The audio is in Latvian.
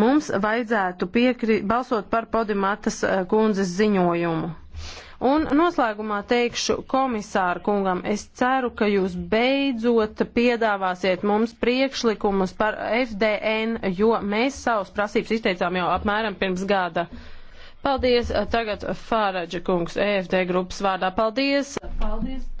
Mums vajadzētu piekri, balsot par Podimatas eh, kundzes ziņojumu. Un noslēgumā teikšu komisāru kungam, es ceru, ka jūs beidzot piedāvāsiet mums priekšlikumus par FDN, jo mēs savus prasības izteicām jau apmēram pirms gada. Paldies, eh, tagad Fāraģa kungs, EFD grupas vārdā. Paldies! Paldies!